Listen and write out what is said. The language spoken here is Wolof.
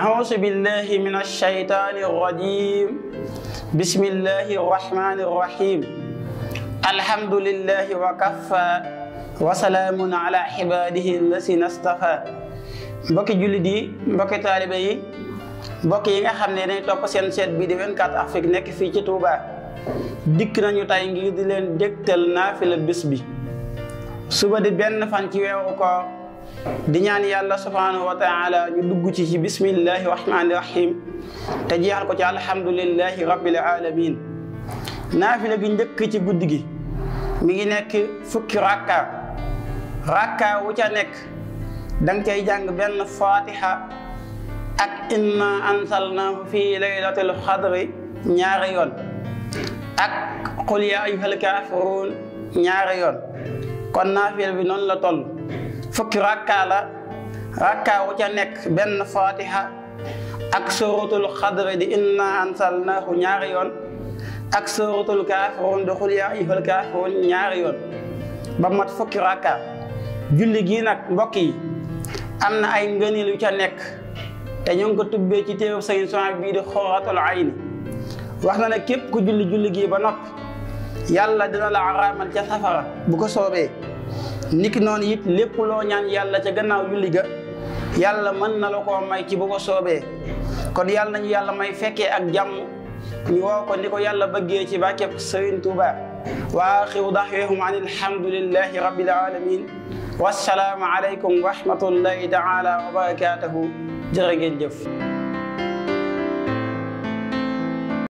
أعوذ بالله من الشيطان الرجيم بسم الله الرحمن الرحيم الحمد لله وكفى وسلام على عباده الذين اصطفى بوكي جولي بوكي طالبي بوكي ييغا خامني داي توك سين سيت بي دي 24 افريك نيك في تي توبا ديك نانيو تاي غي دي لين ديكتال نافله بس بي صبح دي بن فان تي ويو كو di ñaan yàlla subhaanahu wa taala ñu dugg ci ci bismillahi rahmaani rahim te jeexal ko ci alhamdulillahi rabbil alamin naafila gi njëkk ci guddi gi mi ngi nekk fukki rakka rakka wu ca nekk danga cay jàng benn fatiha ak inna ansalnaahu fi laylatil xadri ñaari yoon ak qul ya ayyuhal kaafiruun ñaari yoon kon naafila bi noonu la toll fukki rakkaa la rakkaa ca nekk benn fatiha ak suratul xadri di inna ansalnaahu ñaari yoon ak suratul kaafiruun di xul yaa ayyuhal kaafiruun ñaari yoon ba mat fukki rakkaa julli gii nag mbokk yi am na ay ngëneel yu ca nekk te ñu ngi ko tubbee ci téereb Sëriñ Suhaybu bii di xuratul ayni wax na ne képp ku julli julli gii ba nopp yàlla dina la araamal ca safara bu ko soobee niki noonu it lépp loo ñaan yàlla ca gannaaw julli ga yàlla mën na la koo may ci bu soobee kon yàlla nañu yàlla may fekkee ak jàmm ñu woo ko ni ko yàlla bëggee ci bàkkeb Sëriñ Tuuba wa axiru daxweehum an alhamdulillahi rabbil alamin wassalaamu aleykum wa rahmatullahi taala wa barakatuhu jërë ngeen jëf